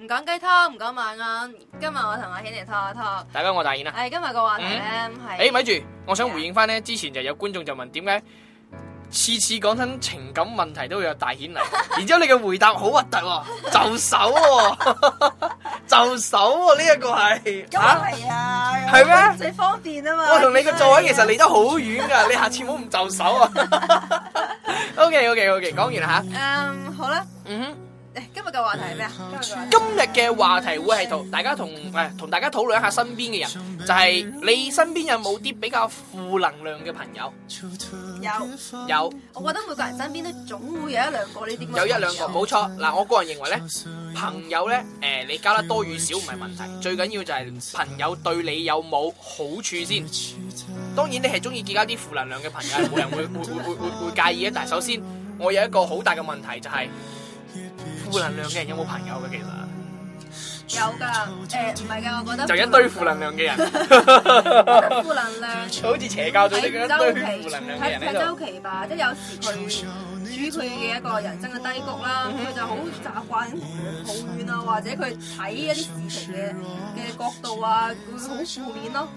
唔講雞湯，唔講晚安，今日我同阿顯嚟拖下拖，大家我大顯啦。係今日個話題咧，係誒，咪住，我想回應翻咧，之前就有觀眾就問，點解次次講緊情感問題都會有大顯嚟？然之後你嘅回答好核突，就手，就手，呢一個係，係啊，係咩最方便啊嘛？我同你嘅座位其實離得好遠噶，你下次唔好唔就手啊。OK，OK，OK，講完啦吓。嗯，好啦。嗯哼。今日嘅話題係咩啊？今日嘅話題會係同大家同誒同大家討論一下身邊嘅人，就係你身邊有冇啲比較負能量嘅朋友？有有，我覺得每個人身邊都總會有一兩個呢啲。有一兩個，冇錯。嗱，我個人認為咧，朋友咧，誒，你交得多與少唔係問題，最緊要就係朋友對你有冇好處先。當然你係中意結交啲負能量嘅朋友，冇人會會會會會介意啊。但係首先，我有一個好大嘅問題就係。負能量嘅人有冇朋友嘅其實？有噶，誒唔係嘅，我覺得就一堆負能量嘅人，負 能量， 好似邪教咁嘅一堆負能量嘅人周期，睇周期吧，即係有時佢會處佢嘅一個人生嘅低谷啦，佢、嗯、就好習慣抱怨啊，或者佢睇一啲事情嘅嘅角度啊，會好負面咯。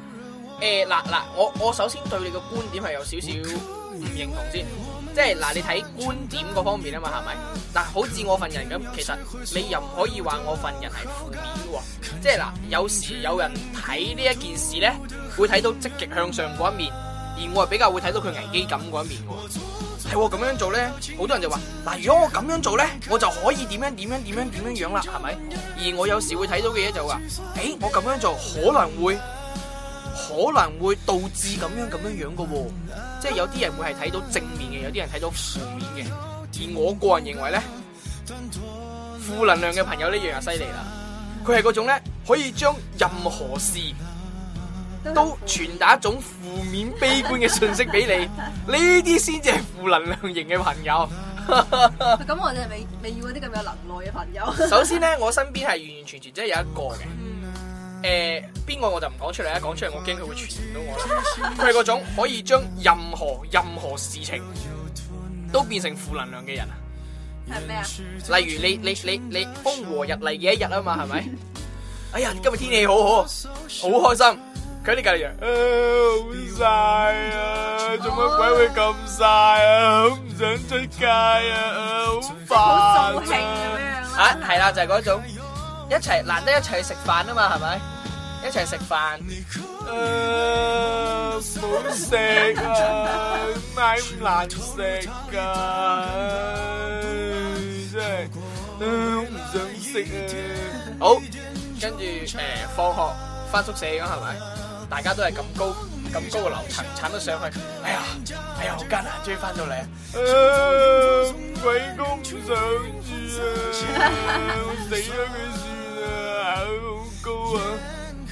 誒、嗯，嗱、呃、嗱，我我首先對你嘅觀點係有少少唔認同先。即係嗱，你睇觀點嗰方面啊嘛，係咪？嗱，好似我份人咁，其實你又唔可以話我份人係負面喎。即係嗱，有時有人睇呢一件事咧，會睇到積極向上嗰一面，而我係比較會睇到佢危機感嗰一面嘅喎。係我咁樣做咧，好多人就話，嗱，如果我咁樣做咧，我就可以點樣點樣點樣點樣樣啦，係咪？而我有時會睇到嘅嘢就話，誒、欸，我咁樣做可能會。可能會導致咁樣咁樣樣嘅喎，即係有啲人會係睇到正面嘅，有啲人睇到負面嘅。而我個人認為咧，負能量嘅朋友呢樣又犀利啦。佢係嗰種咧，可以將任何事都傳達一種負面、悲觀嘅信息俾你。呢啲先至係負能量型嘅朋友。咁我哋未未要嗰啲咁有能耐嘅朋友。首先咧，我身邊係完完全全真係有一個嘅。嗯.誒，邊個我就唔講出嚟啦，講出嚟我驚佢會傳染到我。佢係嗰種可以將任何任何事情都變成負能量嘅人啊，係咩啊？例如你你你你風和日麗嘅一日啊嘛，係咪？哎呀，今日天氣好好，好開心。佢喺你隔籬啊，好曬啊，做乜鬼會咁曬啊？好唔想出街啊，好煩啊！啊，係啦，就係嗰種。一齊難得一齊去食飯啊嘛，係咪？一齊食飯，好食啊，唔係，咁難食㗎，真係，唔想食啊。好，跟住誒，放學翻宿舍咁係咪？大家都係咁高咁高嘅樓層，鏟得上去。哎呀，哎呀，好艱難，終於翻到嚟。鬼咁唔想住啊，死啊！佢。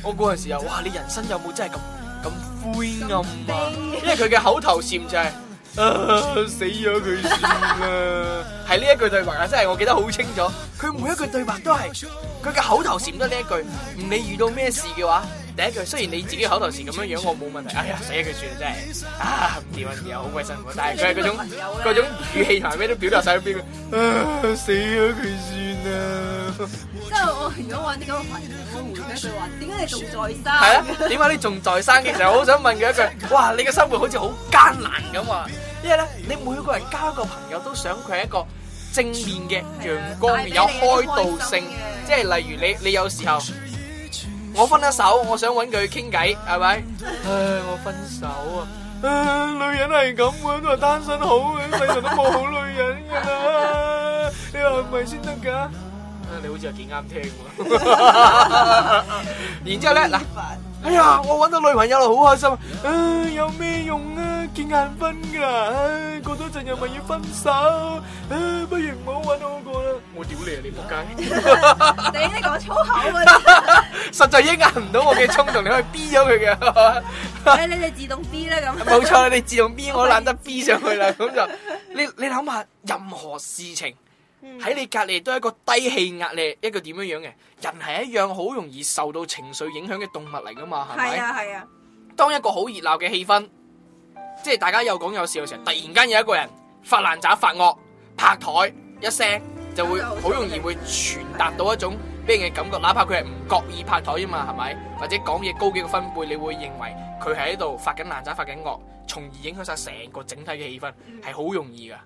我嗰陣時啊，哇！你人生有冇真係咁咁灰暗啊？因為佢嘅口頭禪就係，死咗佢算啦。係呢一句對白啊，真係我記得好清楚。佢每一句對白都係，佢嘅口頭禪都呢一句。唔理遇到咩事嘅話，第一句雖然你自己口頭禪咁樣樣，我冇問題。哎呀，死咗佢算啦，真係啊，唔掂啊，又好鬼辛苦。但係佢係嗰種嗰種語氣同埋咩都表達晒喺邊嘅。啊，死咗佢算啦。即係我如果搵啲咁嘅朋友，我會咧就話：點解你仲在生？係啊，點解你仲在生嘅時候，我好想問佢一句：哇，你嘅生活好似好艱難咁啊！因為咧，你每個人交個朋友都想佢係一個正面嘅、陽光、有開導性，即係例如你，你有時候我分咗手，我想搵佢傾偈，係咪？唉，我分手啊！唉，女人係咁嘅，都話單身好，世上都冇好女人噶啦，你話係咪先得噶？你好似又幾啱聽喎，然之後咧嗱，哎呀，我揾到女朋友啦，好開心！唉，有咩用啊？見眼分噶，過多陣又咪要分手，不如唔好揾好過啦！我屌你啊，你仆街！你應該講粗口啊！實在抑壓唔到我嘅衝動，你可以 B 咗佢嘅，你你自動 B 啦咁。冇錯你自動 B，我懶得 B 上去啦，咁就你你諗下，任何事情。喺你隔籬都係一個低氣壓力，一個點樣樣嘅人係一樣好容易受到情緒影響嘅動物嚟噶嘛，係咪？係啊係啊。啊當一個好熱鬧嘅氣氛，即係大家又講有笑嘅時候，突然間有一個人發爛渣發惡，拍台一聲，就會好容易會傳達到一種俾人嘅感覺，哪怕佢係唔覺意拍台啊嘛，係咪？或者講嘢高幾個分貝，你會認為佢係喺度發緊爛渣發緊惡，從而影響晒成個整體嘅氣氛，係好容易噶。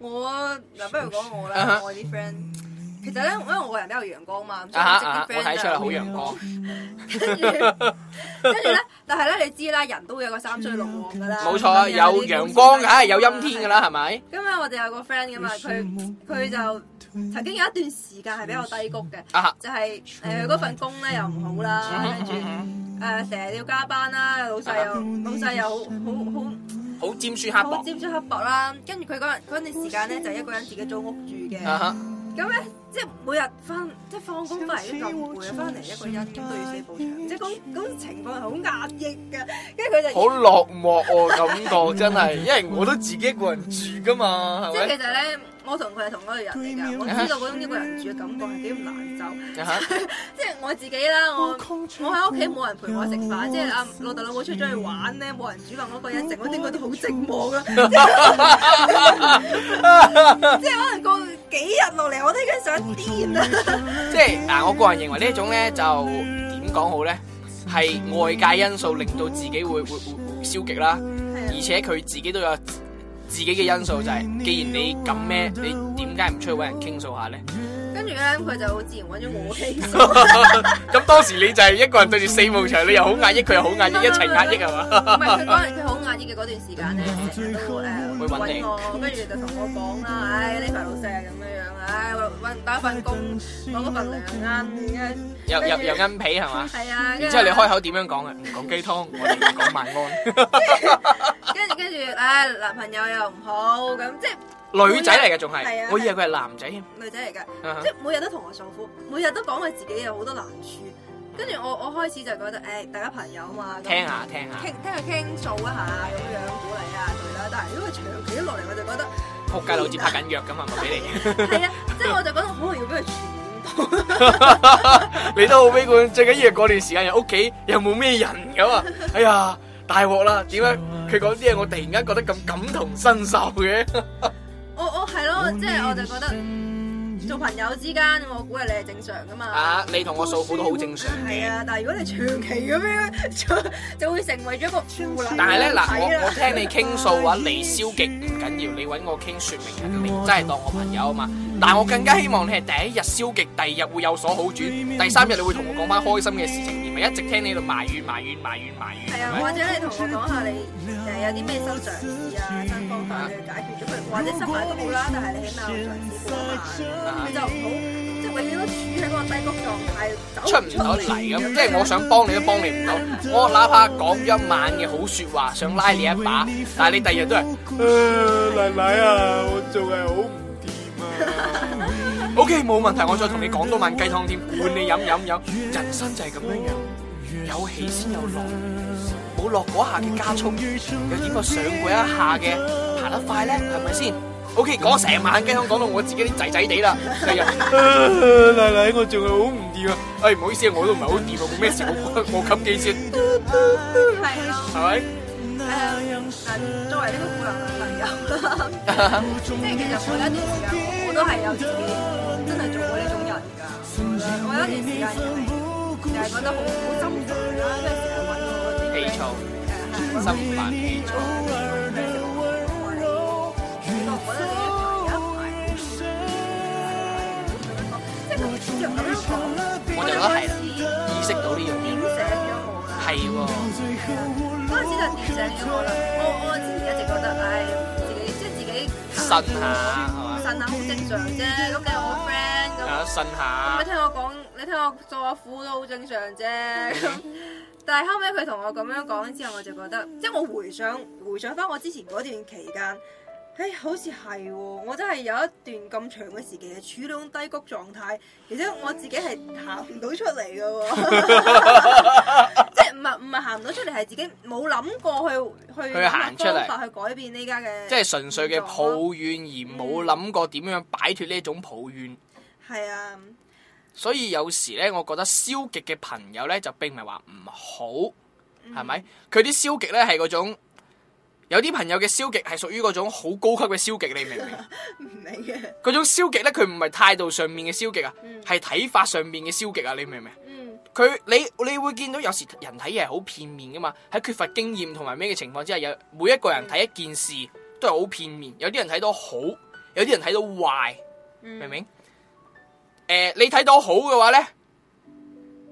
我，嗱，不如講我啦，我啲 friend，其實咧，因為我個人比較陽光嘛，即係啲 friend 都係好陽光，跟住，跟住咧，但係咧，你知啦，人都會有個三衰六旺噶啦，冇錯，有陽光梗係有陰天噶啦，係咪？咁啊，我哋有個 friend 噶嘛，佢佢就曾經有一段時間係比較低谷嘅，就係誒嗰份工咧又唔好啦，跟住誒成日要加班啦，老細又老細又好好好。好尖酸刻薄，尖酸刻薄啦。跟住佢嗰日嗰段時間咧，就是、一個人自己租屋住嘅。咁咧、uh huh.，即係每日翻，即係放工翻嚟，咁每日翻嚟一個人都要寫補習，啊啊、即係嗰嗰情況係好壓抑嘅。跟住佢就好落寞喎、啊，感覺 真係，因為我都自己一個人住噶嘛，係 即係其實咧。我同佢係同一個人嚟噶，我知道嗰種一個人住嘅感覺係幾咁難受，即係我自己啦，我我喺屋企冇人陪我食飯，即係阿老豆老母出咗去玩咧，冇人煮飯嗰個人，食我都覺得好寂寞啊！即係可能過幾日落嚟，我都已經想癲啦！即係嗱，我個人認為呢種咧就點講好咧，係外界因素令到自己會會會消極啦，而且佢自己都有。自己嘅因素就係，既然你咁咩，你點解唔出去揾人傾訴下咧？跟住咧，佢就自然揾咗我傾。咁當時你就係一個人對住四幕牆，你又好壓抑，佢又好壓抑，一齊壓抑係嘛？唔係佢嗰陣佢好壓抑嘅嗰段時間咧，成日都誒揾我，跟住就同我講啦，唉呢排老細咁樣樣，唉揾唔到份工，攞嗰份糧啊，而家又又又恩庇係嘛？係啊，然之後你開口點樣講呀？唔講雞湯，我哋講晚安。跟住跟住，唉男朋友又唔好，咁即。女仔嚟嘅仲係，我以為佢係男仔添。女仔嚟嘅，即係每日都同我訴苦，每日都講佢自己有好多難處。跟住我，我開始就覺得，誒，大家朋友啊嘛，聽下聽下，傾聽佢傾訴一下咁樣鼓勵下佢啦。但係如果係長期一落嚟，我就覺得仆街佬似拍緊藥咁啊，俾你。係啊，即係我就覺得可能要俾佢傳染到。你都好悲觀，最緊要係過段時間又屋企又冇咩人咁啊！哎呀，大鑊啦！點解佢講啲嘢我突然間覺得咁感同身受嘅？即係我就覺得做朋友之間，我估係你係正常噶嘛。啊，吧你同我訴苦都好正常。係啊，但係如果你長期咁樣，就 就會成為咗個互難。但係咧嗱，我我聽你傾訴話你消極唔緊要，你搵我傾說明你，真係當我朋友啊嘛。但係我更加希望你係第一日消極，第二日會有所好轉，第三日你會同我講翻開心嘅事情，而唔係一直聽你喺度埋怨埋怨埋怨埋怨。係啊，或者你同我講下你誒有啲咩新嘗試啊解決咗或者失敗都好啦。但係你起碼好在乎啊嘛，你就唔好即係永遠都處喺個低谷狀態，出唔到嚟咁。即係我想幫你都幫你唔到， 我哪怕講一晚嘅好說話，想拉你一把，但係你第二日都係、 呃，奶奶啊，我仲係好唔掂啊。O K，冇問題，我再同你講多晚雞湯添，管你飲飲飲。人生就係咁樣樣，有起先有落。冇落嗰下嘅加速，又點個上過一下嘅，行得快咧，係咪先？OK，講成晚，驚講到我自己啲仔仔地啦，係啊，奶奶我仲係好唔掂啊！哎，唔好意思，我都唔係好掂啊，冇咩事，我覺得我襟機先，係啊，係咪？誒，但作為一個富人嘅朋友，即係其實我有一段時間，我都係有自己真係做過呢種人噶，我有一段時間又係，又係覺得好好心煩啊，即係。氣躁，心煩氣躁。我就都係啦，意識到呢樣嘢，係喎。我知就點寫嘅我，我我之前一直覺得，唉，自己即係自己。呻下係嘛？呻下好正常啫，咁計我 friend 咁。呻下。你聽我講，你聽我做阿父都好正常啫。但係後尾佢同我咁樣講之後，我就覺得，即係我回想回想翻我之前嗰段期間，誒、哎，好似係，我真係有一段咁長嘅時期係處呢種低谷狀態，而且我自己係行唔到出嚟噶，笑 即係唔係唔係行唔到出嚟，係自己冇諗過去去去行出嚟，法去改變呢家嘅，即係純粹嘅抱怨而冇諗過點樣擺脫呢種抱怨。係、嗯、啊。所以有時咧，我覺得消極嘅朋友咧就並唔係話唔好，係咪？佢啲、mm hmm. 消極咧係嗰種，有啲朋友嘅消極係屬於嗰種好高級嘅消極，你明唔明？唔明。嗰種消極咧，佢唔係態度上面嘅消極啊，係睇、mm hmm. 法上面嘅消極啊，你明唔明？佢、mm hmm. 你你會見到有時人睇嘢係好片面噶嘛？喺缺乏經驗同埋咩嘅情況之下，有每一個人睇一件事都係好片面。有啲人睇到好，有啲人睇到壞，明唔明？Mm hmm. mm hmm. 誒，你睇到好嘅話咧，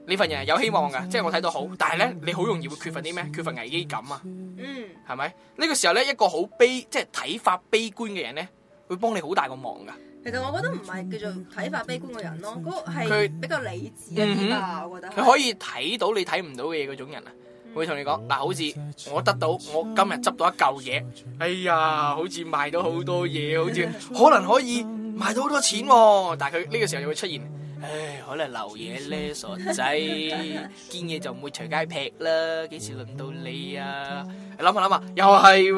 呢份人係有希望噶，即係我睇到好。但係咧，你好容易會缺乏啲咩？缺乏危機感啊，嗯，係咪？呢個時候咧，一個好悲，即係睇法悲觀嘅人咧，會幫你好大個忙噶。其實我覺得唔係叫做睇法悲觀嘅人咯，佢係比較理智啦。我覺得佢可以睇到你睇唔到嘅嘢嗰種人啊，會同你講嗱，好似我得到我今日執到一嚿嘢，哎呀，好似賣到好多嘢，好似可能可以。賣到好多錢喎，但係佢呢個時候又會出現，唉，可能流嘢咧，傻仔見嘢就唔會隨街劈啦。幾時輪到你啊？你諗下諗下，又係，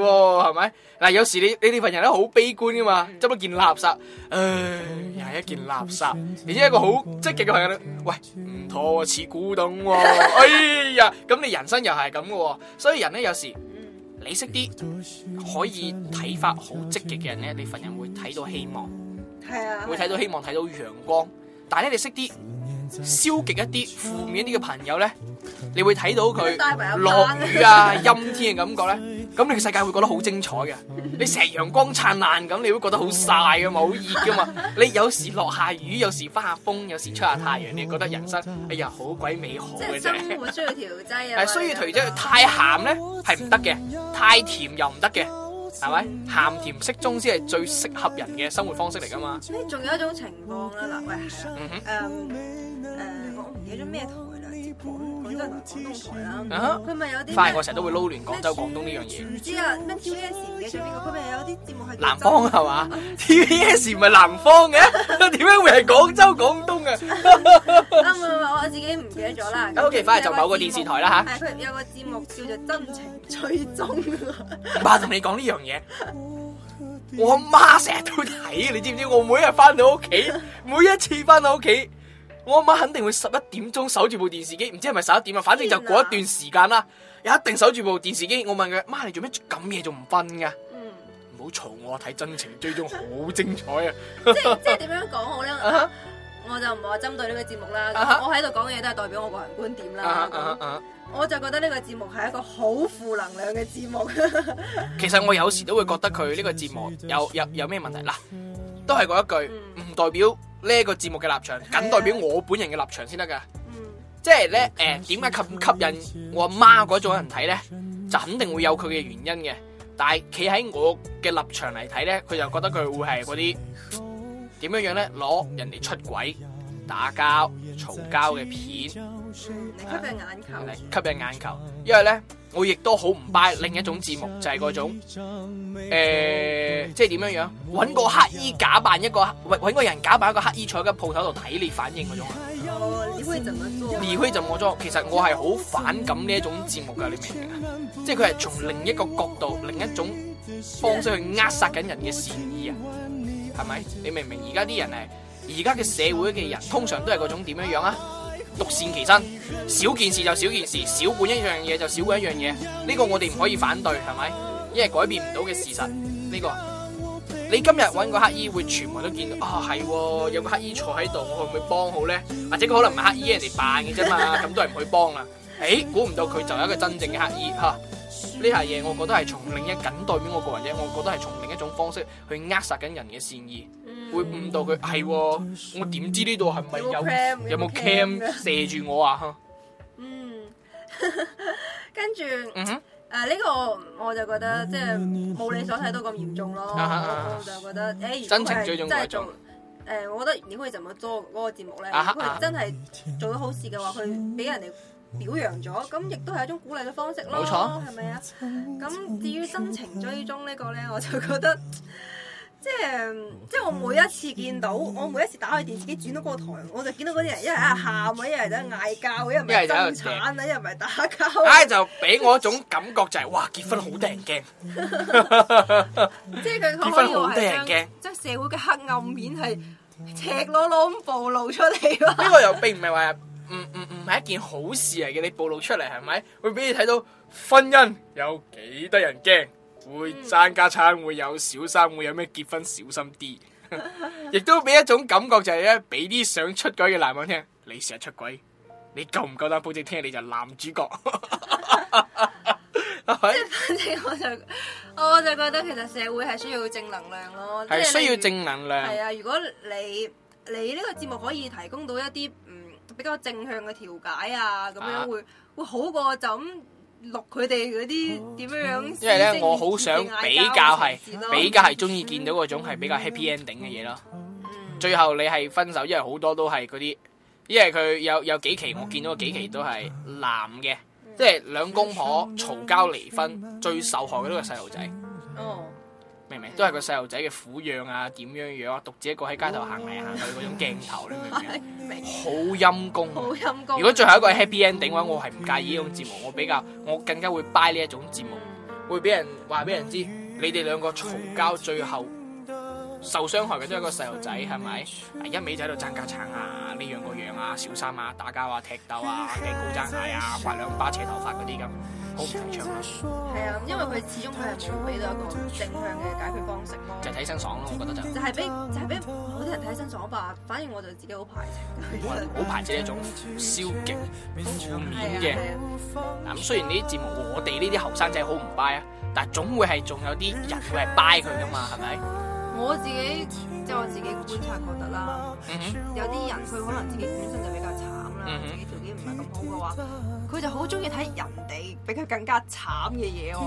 係咪嗱？有時你你呢份人呢好悲觀噶嘛，執到一件垃圾，唉，又係一件垃圾。你一個好積極嘅份人，喂，唔妥似古董喎，哎呀，咁你人生又係咁嘅，所以人咧，有時你識啲可以睇法好積極嘅人咧，你份人會睇到希望。係啊，會睇到希望，睇到陽光。但係咧，你識啲消極一啲、負面一啲嘅朋友咧，你會睇到佢落雨啊、陰 天嘅感覺咧。咁你個世界會覺得好精彩嘅。你成日陽光燦爛咁，你會覺得好曬噶嘛，好熱噶嘛。你有時落下雨，有時翻下風，有時出下，下太陽，你會覺得人生哎呀好鬼美好嘅啫。即係生活需要調劑啊。但係需要調劑，太鹹咧係唔得嘅，太甜又唔得嘅。係咪鹹甜適中先係最適合人嘅生活方式嚟㗎嘛？咁仲有一種情況啦，嗱，喂，係啊，誒誒、嗯哼，um, uh, 我唔記得咩台嚟啦。接廣東台啦，佢咪有啲，反而我成日都會撈亂廣州廣東呢樣嘢。唔知啊，咩 TVS 唔記得邊個，佢咪有啲節目係。南方係嘛？TVS 唔係南方嘅，點解會係廣州廣東嘅？啱係我自己唔記得咗啦。OK，翻嚟，就某個電視台啦吓。係佢有個節目叫做《真情追蹤》。媽同你講呢樣嘢，我阿媽成日都睇，你知唔知？我每日翻到屋企，每一次翻到屋企。我阿媽肯定會十一點鐘守住部電視機，唔知係咪十一點啊，反正就過一段時間啦，啊、一定守住部電視機。我問佢：媽，你做咩咁夜仲唔瞓嘅？嗯，唔好嘈我睇真情追蹤好精彩啊！ 即係即係點樣講好咧？Uh huh? 我就唔、uh huh? 話針對呢個節目啦，我喺度講嘅嘢都係代表我個人觀點啦。我就覺得呢個節目係一個好負能量嘅節目。 其實我有時都會覺得佢呢個節目有有有咩問題啦，都係嗰一句唔、嗯、代表。呢一個節目嘅立場，僅代表我本人嘅立場先得㗎。嗯、即係咧，誒、呃，點解咁吸引我阿媽嗰種人睇咧？就肯定會有佢嘅原因嘅。但係企喺我嘅立場嚟睇咧，佢就覺得佢會係嗰啲點樣樣咧，攞人哋出軌、打交、嘈交嘅片。你、嗯、吸引眼球、啊，吸引眼球。因為咧，我亦都好唔拜。另一種節目，就係、是、嗰種誒、呃，即係點樣樣，搵個乞衣假扮一個，搵個人假扮一個乞衣，坐喺間鋪頭度睇你反應嗰種啊、哦。你會怎麼做？你會怎麼做。其實我係好反感呢一種節目噶，你明唔明啊？即係佢係從另一個角度、另一種方式去扼殺緊人嘅善意啊？係咪、嗯？你明唔明？而家啲人係，而家嘅社會嘅人，通常都係嗰種點樣樣啊？獨善其身，少件事就少件事，少管一樣嘢就少管一樣嘢。呢個我哋唔可以反對，係咪？因為改變唔到嘅事實。呢個，你今日揾個乞衣會，全部都見到。啊，係喎，有個乞衣坐喺度，我會唔會幫好咧？或者佢可能唔係乞衣，人哋扮嘅啫嘛，咁都唔可以幫啦。誒，估唔到佢就係一個真正嘅乞衣吓。哈呢下嘢，我覺得係從另一緊代表我個人啫，我覺得係從另一種方式去扼殺緊人嘅善意，會誤導佢。係，我點知呢度係咪有有冇 Cam 射住我啊？嗯，跟住誒呢個我就覺得即係冇你所睇到咁嚴重咯。我就覺得誒，真情最重要。誒，我覺得你可以就咁做嗰個節目咧，佢真係做到好事嘅話，佢俾人哋。表揚咗，咁亦都係一種鼓勵嘅方式咯，冇錯，係咪啊？咁至於真情追蹤個呢個咧，我就覺得，即係即係我每一次見到，我每一次打開電視機轉到嗰個台，我就見到嗰啲人一一，一係喺喊啊，一係喺嗌交，一係爭產啊，一係咪打交？就俾我一種感覺就係，哇！結婚好得人驚，開 即係佢結婚好得人驚，即係社會嘅黑暗面係赤裸裸咁暴露出嚟咯。 呢個又並唔係話。唔唔唔係一件好事嚟嘅，你暴露出嚟係咪？會俾你睇到婚姻有幾得人驚，會爭家產，會有小三，會有咩結婚小心啲，亦 都俾一種感覺就係、是、咧，俾啲想出軌嘅男人聽，你成日出軌，你夠唔夠膽保證聽日你就男主角？ 反正我就我就覺得其實社會係需要正能量咯，係需要正能量。係啊是，如果你你呢個節目可以提供到一啲。比較正向嘅調解啊，咁樣會會好過就咁錄佢哋嗰啲點樣樣。因為咧，我好想比較係比較係中意見到嗰種係比較 happy ending 嘅嘢咯。嗯，最後你係分手，因為好多都係嗰啲，因為佢有有幾期我見到幾期都係男嘅，即係兩公婆嘈交離婚，最受害嘅都係細路仔。哦都係個細路仔嘅撫養啊，點樣樣啊，獨自一個喺街頭行嚟行去嗰種鏡頭嚟嘅，好陰功。好陰功。如果最後一個是 happy ending 嘅話，我係唔介意呢種節目，我比較，我更加會 buy 呢一種節目，會俾人話俾人知，你哋兩個嘈交最後。受傷害嘅都係個細路仔，係咪？一尾仔喺度爭家產啊，呢樣嗰樣啊，小三啊，打架啊，踢鬥啊，高踭鞋啊，摑兩巴斜頭髮嗰啲咁，好唔提倡。係啊，因為佢始終佢係冇俾到一個正向嘅解決方式。就睇身爽咯，我覺得就。就係俾就係俾好多人睇身爽吧，反而我就自己好排斥。好排斥呢一種消極負面嘅。嗱重，咁雖然呢啲節目我哋呢啲後生仔好唔 buy 啊，但係總會係仲有啲人會係 buy 佢噶嘛，係咪？我自己即係我自己觀察覺得啦，嗯、哼有啲人佢可能自己本身就比較慘啦，嗯、哼自己條件唔係咁好嘅話，佢就好中意睇人哋比佢更加慘嘅嘢喎。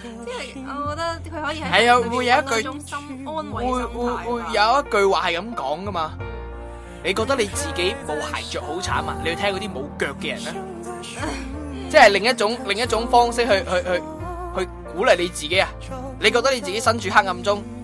即係、嗯、哼 我覺得佢可以係，係啊會，會有一句心安慰，會會有一句話係咁講噶嘛。你覺得你自己冇鞋着好慘啊？你要聽嗰啲冇腳嘅人咧、啊， 即係另一種另一種方式去去去去，去鼓勵你自己啊！你覺得你自己身處黑暗中？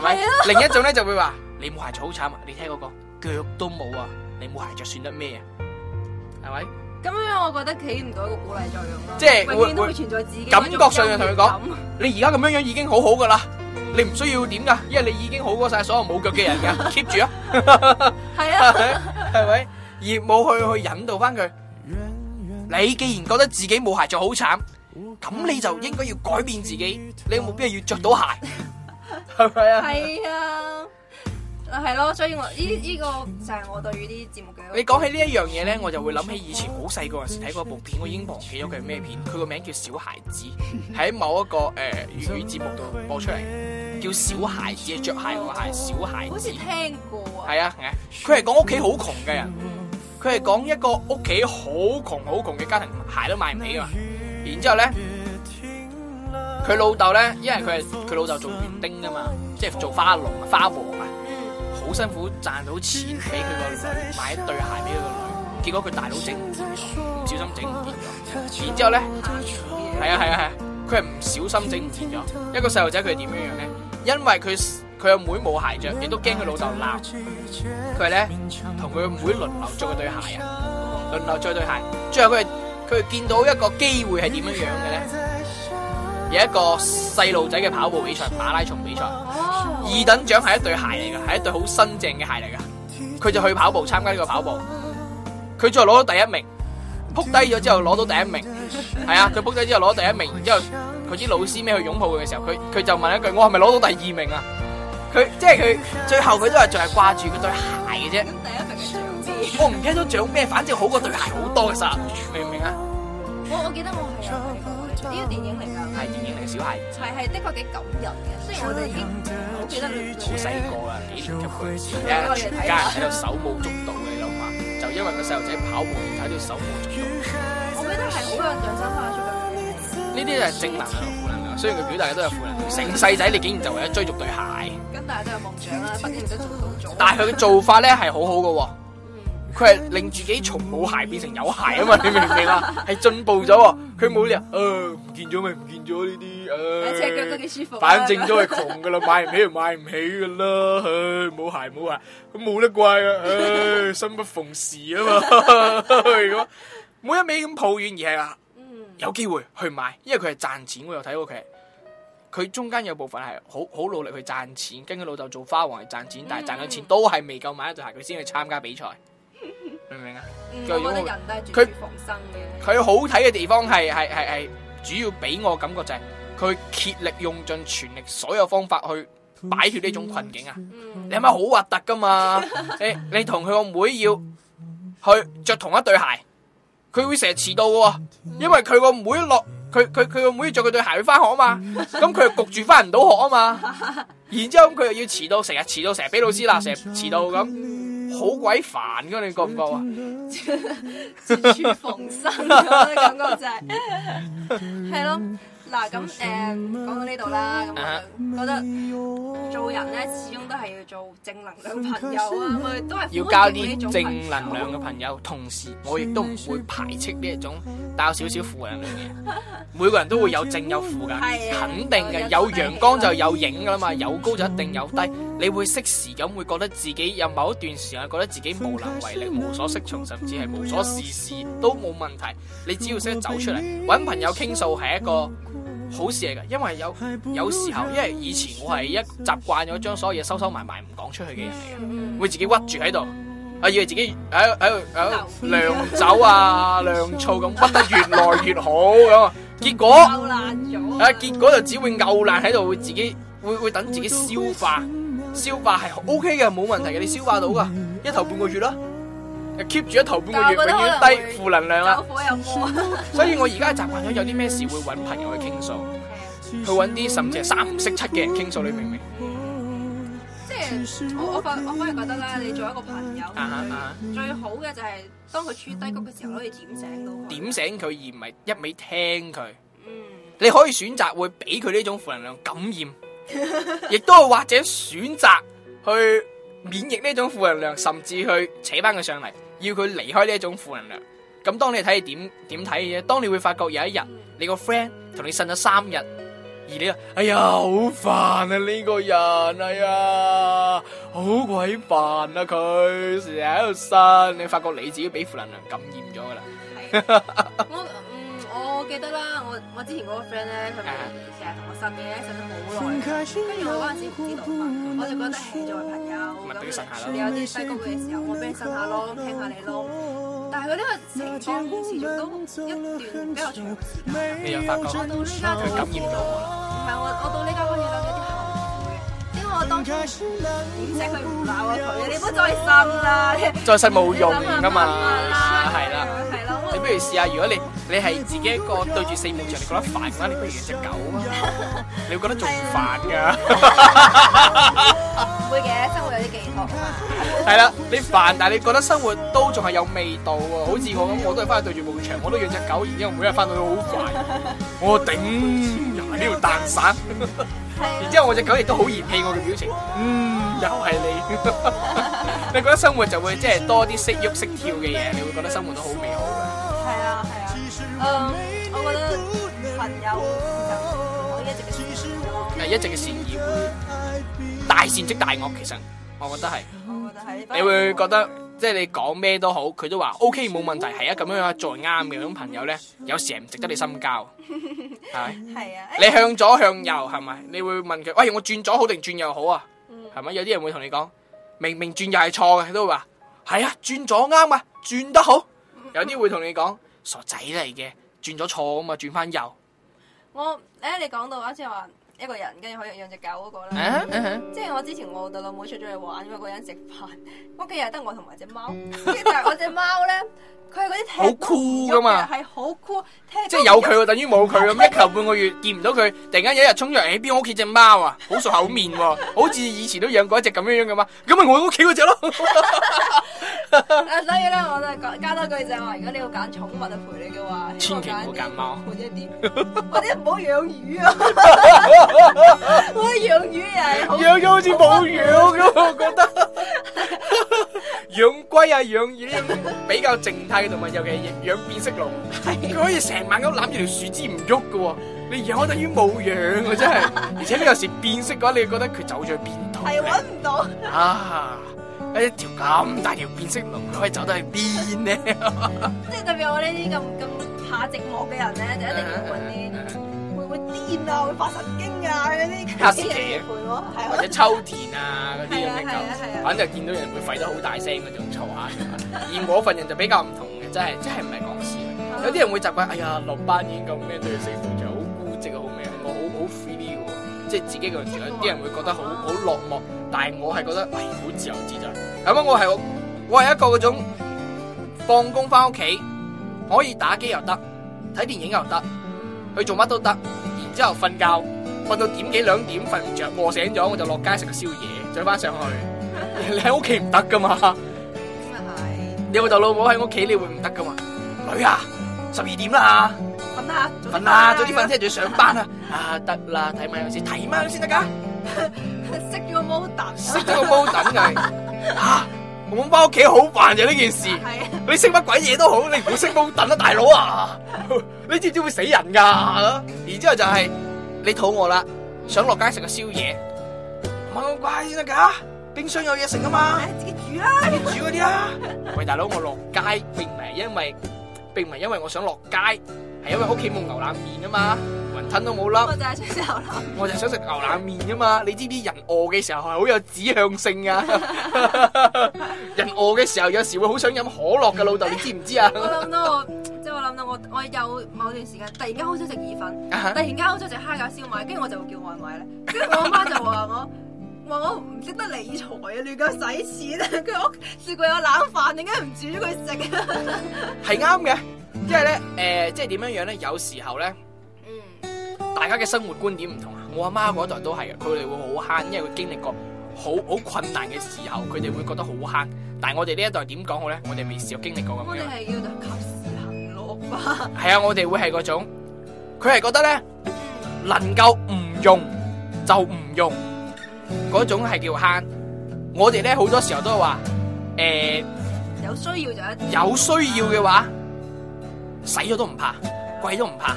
係啊！另一種咧就會話你冇鞋著好慘啊！你聽我、那、講、個，腳都冇啊！你冇鞋著算得咩啊？係咪？咁樣我覺得企唔到一個鼓勵作用咯、啊。即係是會會感覺上嘅同佢講，你而家咁樣樣已經好好噶啦，你唔需要點噶，因為你已經好過晒所有冇腳嘅人噶，keep 住啊！係 啊，係咪？而冇去去引導翻佢，你既然覺得自己冇鞋著好慘，咁你就應該要改變自己，你有冇必要要著到鞋。係咪啊？係啊，係咯，所以我呢依個就係我對於啲節目嘅。你講起呢一樣嘢咧，我就會諗起以前好細個陣時睇過一部片，我已經忘記咗佢係咩片。佢個名叫小孩子，喺某一個誒粵、呃、語節目度播出嚟，叫小孩子着鞋個鞋，小孩子我好似聽過啊。係啊，佢係講屋企好窮嘅人，佢係講一個屋企好窮好窮嘅家庭，鞋都買唔起啊。然之後咧。佢老豆咧，因為佢係佢老豆做園丁噶嘛，即係做花農、花王啊，好辛苦賺到錢俾佢個女買一對鞋俾佢個女。結果佢大佬整唔見咗，唔小心整唔見咗。然之後咧，係啊係啊係啊，佢係唔小心整唔見咗。一個細路仔佢係點樣樣咧？因為佢佢阿妹冇鞋着，亦都驚佢老豆鬧，佢咧同佢阿妹輪流着對鞋啊，輪流着對鞋。最後佢係佢係見到一個機會係點樣樣嘅咧？有一個細路仔嘅跑步比賽，馬拉松比賽，oh. 二等獎係一對鞋嚟嘅，係一對好新淨嘅鞋嚟噶。佢就去跑步參加呢個跑步，佢再攞到第一名，撲低咗之後攞到第一名，係 啊，佢撲低之後攞第一名，然之後佢啲老師咩去擁抱佢嘅時候，佢佢就問一句：我係咪攞到第二名啊？佢即係佢最後佢都係仲係掛住嗰對鞋嘅啫。咁第一名我唔記得咗獎咩，反正好過對鞋好多嘅實，明唔明啊？我我記得我係啊。呢個電影嚟噶，係電影嚟，小孩係係的確幾感人嘅。雖然我已經好記得，好細個啊，幾年級嘅，一家人喺度手舞足蹈嘅，你諗下，就因為個細路仔跑步而睇到手舞足蹈。 我覺得係好有良心啊，做嘅呢啲。呢啲就係正能量負能量，雖然佢表達嘅都係負能量。成細仔你竟然就為咗追逐對鞋，咁但係都有夢想啦，畢竟都做到咗。但係佢嘅做法咧係好好嘅。佢係令自己從冇鞋變成有鞋啊嘛，你明唔明啊？係進 步咗。佢冇咧，誒、呃，唔見咗咪唔見咗呢啲誒。赤腳都幾舒服。呃、 反正都係窮噶啦， 買唔起就買唔起噶啦。唉，冇鞋冇鞋，咁冇得怪啊。唉，生不逢時啊嘛。唔好一味咁抱怨，而係啊，有機會去買，因為佢係賺錢。我又睇過佢，佢中間有部分係好好努力去賺錢，跟佢老豆做花王係賺錢，但係賺到錢都係未夠買一對鞋，佢先去參加比賽。明唔明啊？佢佢佢佢佢佢好睇嘅地方係係係係主要俾我感覺就係佢竭力用盡全力所有方法去擺脫呢種困境啊！你係咪好核突噶嘛？你同佢個妹要去着同一對鞋，佢會成日遲到嘅，因為佢個妹落佢佢佢個妹着佢對鞋去翻學啊嘛，咁佢又焗住翻唔到學啊嘛，然之後佢又要遲到，成日遲到成日俾老師鬧，成日遲到咁。好鬼煩噶，你覺唔覺啊？絕處 逢生嗰啲感覺就係，係咯。嗱咁，誒，講、嗯、到呢度啦，咁覺得做人咧，始終都係要做正能量朋友啊，咪都係要交啲正能量嘅朋友。同時，我亦都唔會排斥呢一種帶少少負能量嘅人。每個人都會有正有負噶，的肯定嘅。有陽光就有影噶啦嘛，有高就一定有低。你會適時咁會覺得自己有某一段時間覺得自己無能為力、無所適從，甚至係無所事事都冇問題。你只要識得走出嚟搵朋友傾訴，係一個，好事嚟噶，因為有有時候，因為以前我係一習慣咗將所有嘢收收埋埋唔講出去嘅人嚟嘅，會自己屈住喺度，啊以為自己喺喺度喺度釀酒啊釀醋咁、啊、屈得越來越好咁，結果啊結果就只會牛爛喺度，會自己會會等自己消化，消化係 OK 嘅冇問題嘅，你消化到噶，一頭半個月啦。keep 住一頭半個月永遠低負能量啦， 所以我而家係習慣咗有啲咩事會揾朋友去傾訴， 去揾啲甚至係三唔識七嘅人傾訴，你明唔明？即係我我反我反而覺得啦，你做一個朋友， 最好嘅就係當佢處低谷嘅時候可以點醒到佢， 點醒佢而唔係一味聽佢。嗯，你可以選擇會俾佢呢種負能量感染，亦都 或者選擇去免疫呢種負能量，甚至去扯翻佢上嚟。要佢離開呢一種負能量，咁當你睇點點睇嘅嘢，當你會發覺有一日你個 friend 同你呻咗三日，而你啊，哎呀好煩啊呢個人啊，哎呀好鬼煩啊佢成日喺度呻，你發覺你自己俾負能量感染咗噶啦。我記得啦，我我之前嗰個 friend 咧，佢成日同我呻嘅，呻咗好耐。跟住我嗰陣時唔知道嘛，我就覺得係作為朋友咁。咁咪對實下咯，你有啲低谷嘅時候，我俾你呻下咯，聽下你咯。但係佢呢個情況持續都一段比較長嘅時間。你又、嗯、發覺佢感染到我啦。唔係我我到呢間開始諗有啲後悔，因為我當而且佢唔鬧我佢，你唔好再呻啦。再呻冇用㗎嘛，係啦。Yeah, yeah, 不如試下，如果你你係自己一個對住四面牆，你覺得煩嘅話，你不如養隻狗啊！你會覺得仲煩㗎。會嘅，生活有啲寄託啊。係啦，你煩，但係你覺得生活都仲係有味道喎。好似我咁，我都係翻去對住幕牆，我都養隻狗。然之後每日翻到去好煩，我頂又係呢條蛋散。係。然之後我隻狗亦都好嫌棄我嘅表情，嗯，又係你。你覺得生活就會即係多啲識喐識跳嘅嘢，你會覺得生活都好美好嘅。誒，我覺得朋友，唔係一直嘅善意，大善即大惡。其實我覺得係，我覺得係，你會覺得即係你講咩都好，佢都話 OK 冇問題，係啊，咁樣樣再啱嘅嗰種朋友咧，有時係唔值得你深交，係係啊。你向左向右係咪？你會問佢，喂，我轉左好定轉右好啊？係咪？有啲人會同你講，明明轉右係錯嘅，佢都會話係啊，轉左啱啊，轉得好。有啲會同你講。傻仔嚟嘅，轉咗左咁嘛，轉翻右。我咧你講到話，即係話一個人，跟住可以養隻狗嗰個咧，即係我之前我老豆老母出咗去玩，因為個人食飯，屋企又得我同埋隻貓。但係我隻貓咧，佢係嗰啲好酷噶嘛，係好酷，即係有佢喎，等於冇佢咁，一頭半個月見唔到佢，突然間有一日衝入嚟邊，屋企隻貓啊，好熟口面喎，好似以前都養過一隻咁樣樣嘅嘛，咁咪我屋企嗰隻咯。 啊，所以咧我都係加多句就係話，如果你要揀寵物嚟陪你嘅話，千祈唔好揀貓，或者啲 或者唔好養魚啊！我話養魚啊，養養好似冇養咁， 我覺得養龜 啊、養魚，魚比較靜態嘅動物，尤其係養變色龍，佢、哎、 可以成晚咁攬住條樹枝唔喐嘅。你養等於冇養啊，真係！而且佢有時變色嘅話，你又覺得佢走咗去邊度？係搵唔到啊！ 一、哎、條咁大條變色龍可以走到去邊呢？ 即係特別我呢啲咁咁怕寂寞嘅人咧，就一定要搵啲會、啊、會癲啊，會發神經啊嗰啲黑騎啊，或者秋田啊嗰啲咁嘅狗， 反正見到人會吠得好大聲嗰 種嘈嚇。 而我份人就比較唔同嘅，真係真係唔係講笑。有啲人會習慣，哎呀落班已經咁咩，對住四幅牆好孤寂啊，好咩，我好好 free 嘅喎，即係自己一個人住。有啲人，家人家會覺得好好落寞。但係我係覺得，唉、哎，好自由自在。咁啊，我係我係一個嗰種放工翻屋企可以打機又得，睇電影又得，去做乜都得。然之後瞓覺瞓到點幾兩點瞓唔着，餓醒咗我就落街食個宵夜，再翻上去。 你喺屋企唔得噶嘛？咁啊係。你老豆老母喺屋企，你會唔得噶嘛？女啊，十二點啦，瞓啦，早啲瞓啦。瞓早啲瞓先，聽日仲要上班啊？ 啊得啦，睇晚有事睇晚先得噶。看看 識咗個煲燉、 啊，識咗個煲燉係，吓我翻屋企好煩就呢件事。 你識乜鬼嘢都好，你唔好識煲燉啊，大佬啊， 你知唔知會死人噶，啊？ 然之後就係、是、你肚餓啦，想落街食個宵夜，咪咁乖先得噶。冰箱有嘢食噶嘛，自己煮啊，自己煮嗰啲啊。 喂，大佬，我落街並唔係因為並唔係因為我想落街，係因為屋企冇牛腩麵啊嘛。雲吞都冇啦，我就係想食牛腩。我就想食牛腩麵㗎嘛！你知唔知人餓嘅時候係好有指向性噶？ 人餓嘅時候有時會好想飲可樂嘅老豆，你知唔知啊、哎？我諗到我即係、就是、我諗到我我有某段時間突然間好想食意粉，突然間好想食蝦餃燒賣，跟住我就會叫外賣咧。跟住我媽就話我話 我唔識得理財啊！亂咁使錢啊！佢話我食過有冷飯，點解唔煮佢食啊？係啱嘅，因為咧誒，即係點、呃、樣樣咧？有時候咧。大家嘅生活觀點唔同啊！我阿媽嗰代都係啊，佢哋會好慳，因為佢經歷過好好困難嘅時候，佢哋會覺得好慳。但係我哋呢一代點講好咧？我哋未試過經歷過咁樣。我哋係要及時行樂吧。係啊，我哋會係嗰種，佢係覺得咧，能夠唔用就唔用，嗰種係叫慳。我哋咧好多時候都係話，誒，有需要就有。有需要嘅話，使咗都唔怕，貴都唔怕。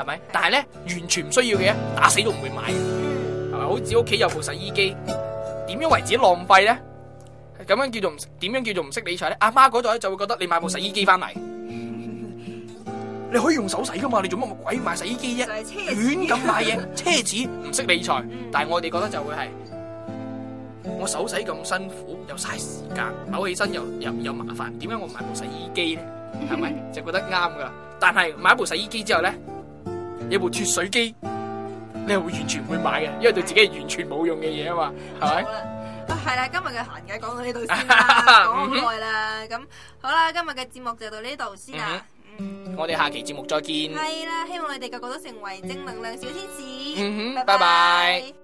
係咪？但係咧，完全唔需要嘅，打死都唔會買嘅。係咪？好似屋企有部洗衣機，點樣為止浪費咧？咁樣叫做點樣叫做唔識理財咧？阿媽嗰代就會覺得你買部洗衣機翻嚟，你可以用手洗噶嘛？你做乜鬼買洗衣機啫？亂咁買嘢，奢侈，唔識理財。但係我哋覺得就會係我手洗咁辛苦，又嘥時間，扭起身又又又麻煩。點解我買部洗衣機咧？係咪？就覺得啱噶。但係買部洗衣機之後咧？有部脫水機，你係會完全唔會買嘅，因為對自己係完全冇用嘅嘢啊嘛，係咪 Yoda？ 好啦，啊係啦，今日嘅閒偈講到呢度先，講咁耐啦，咁好啦，今日嘅節目就到呢度先啦，嗯， 我哋下期節目再見。係啦、嗯，希望你哋個個都成為正能量小天使。嗯哼， 拜拜。